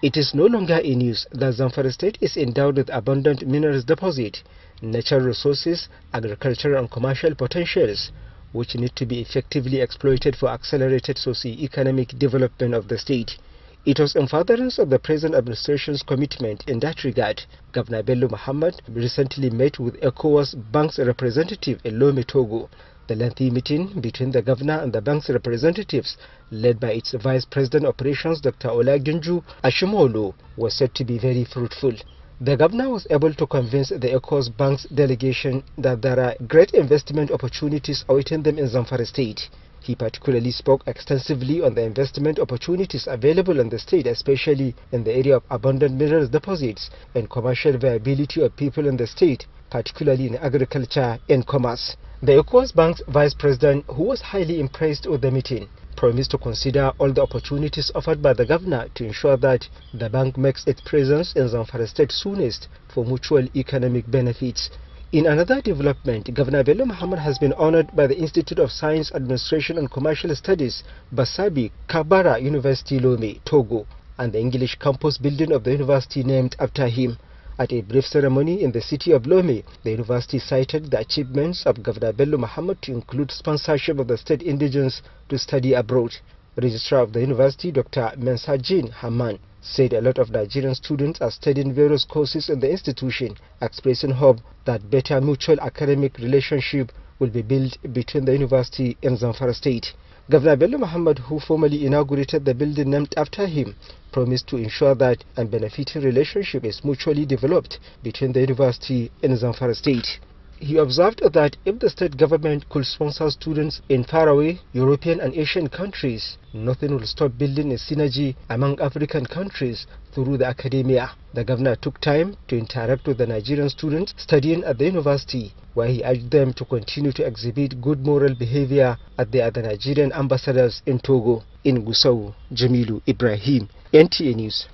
It is no longer in use that Zamfara State is endowed with abundant minerals deposit, natural resources, agricultural and commercial potentials, which need to be effectively exploited for accelerated socio-economic development of the state. It was in furtherance of the present administration's commitment in that regard. Governor Bello Muhammad recently met with ECOWAS Bank's representative in Lome, Togo, the lengthy meeting between the governor and the bank's representatives, led by its vice president operations Dr. Olagunju Ashimolu, was said to be very fruitful. The governor was able to convince the Ecos Bank's delegation that there are great investment opportunities awaiting them in Zamfara state. He particularly spoke extensively on the investment opportunities available in the state, especially in the area of abundant minerals deposits and commercial viability of people in the state, particularly in agriculture and commerce. The Ecowas Bank's vice president, who was highly impressed with the meeting, promised to consider all the opportunities offered by the governor to ensure that the bank makes its presence in Zamfara state soonest for mutual economic benefits. In another development, Governor Bello Muhammad has been honored by the Institute of Science Administration and Commercial Studies, Basabi Kabara University Lome, Togo, and the English campus building of the university named after him. At a brief ceremony in the city of Lome, the university cited the achievements of Governor Bello Muhammad to include sponsorship of the state indigents to study abroad. Registrar of the university, Dr. Mensajin Haman, said a lot of Nigerian students are studying various courses in the institution, expressing hope that better mutual academic relationship will be built between the university and Zamfara State. Governor Bello Muhammad, who formally inaugurated the building named after him, promised to ensure that a benefiting relationship is mutually developed between the university and Zamfara State. He observed that if the state government could sponsor students in faraway European and Asian countries, nothing will stop building a synergy among African countries through the academia. The governor took time to interact with the Nigerian students studying at the university, where he urged them to continue to exhibit good moral behavior at the other Nigerian ambassadors in Togo. In Gusau, Jamilu Ibrahim, NTA News.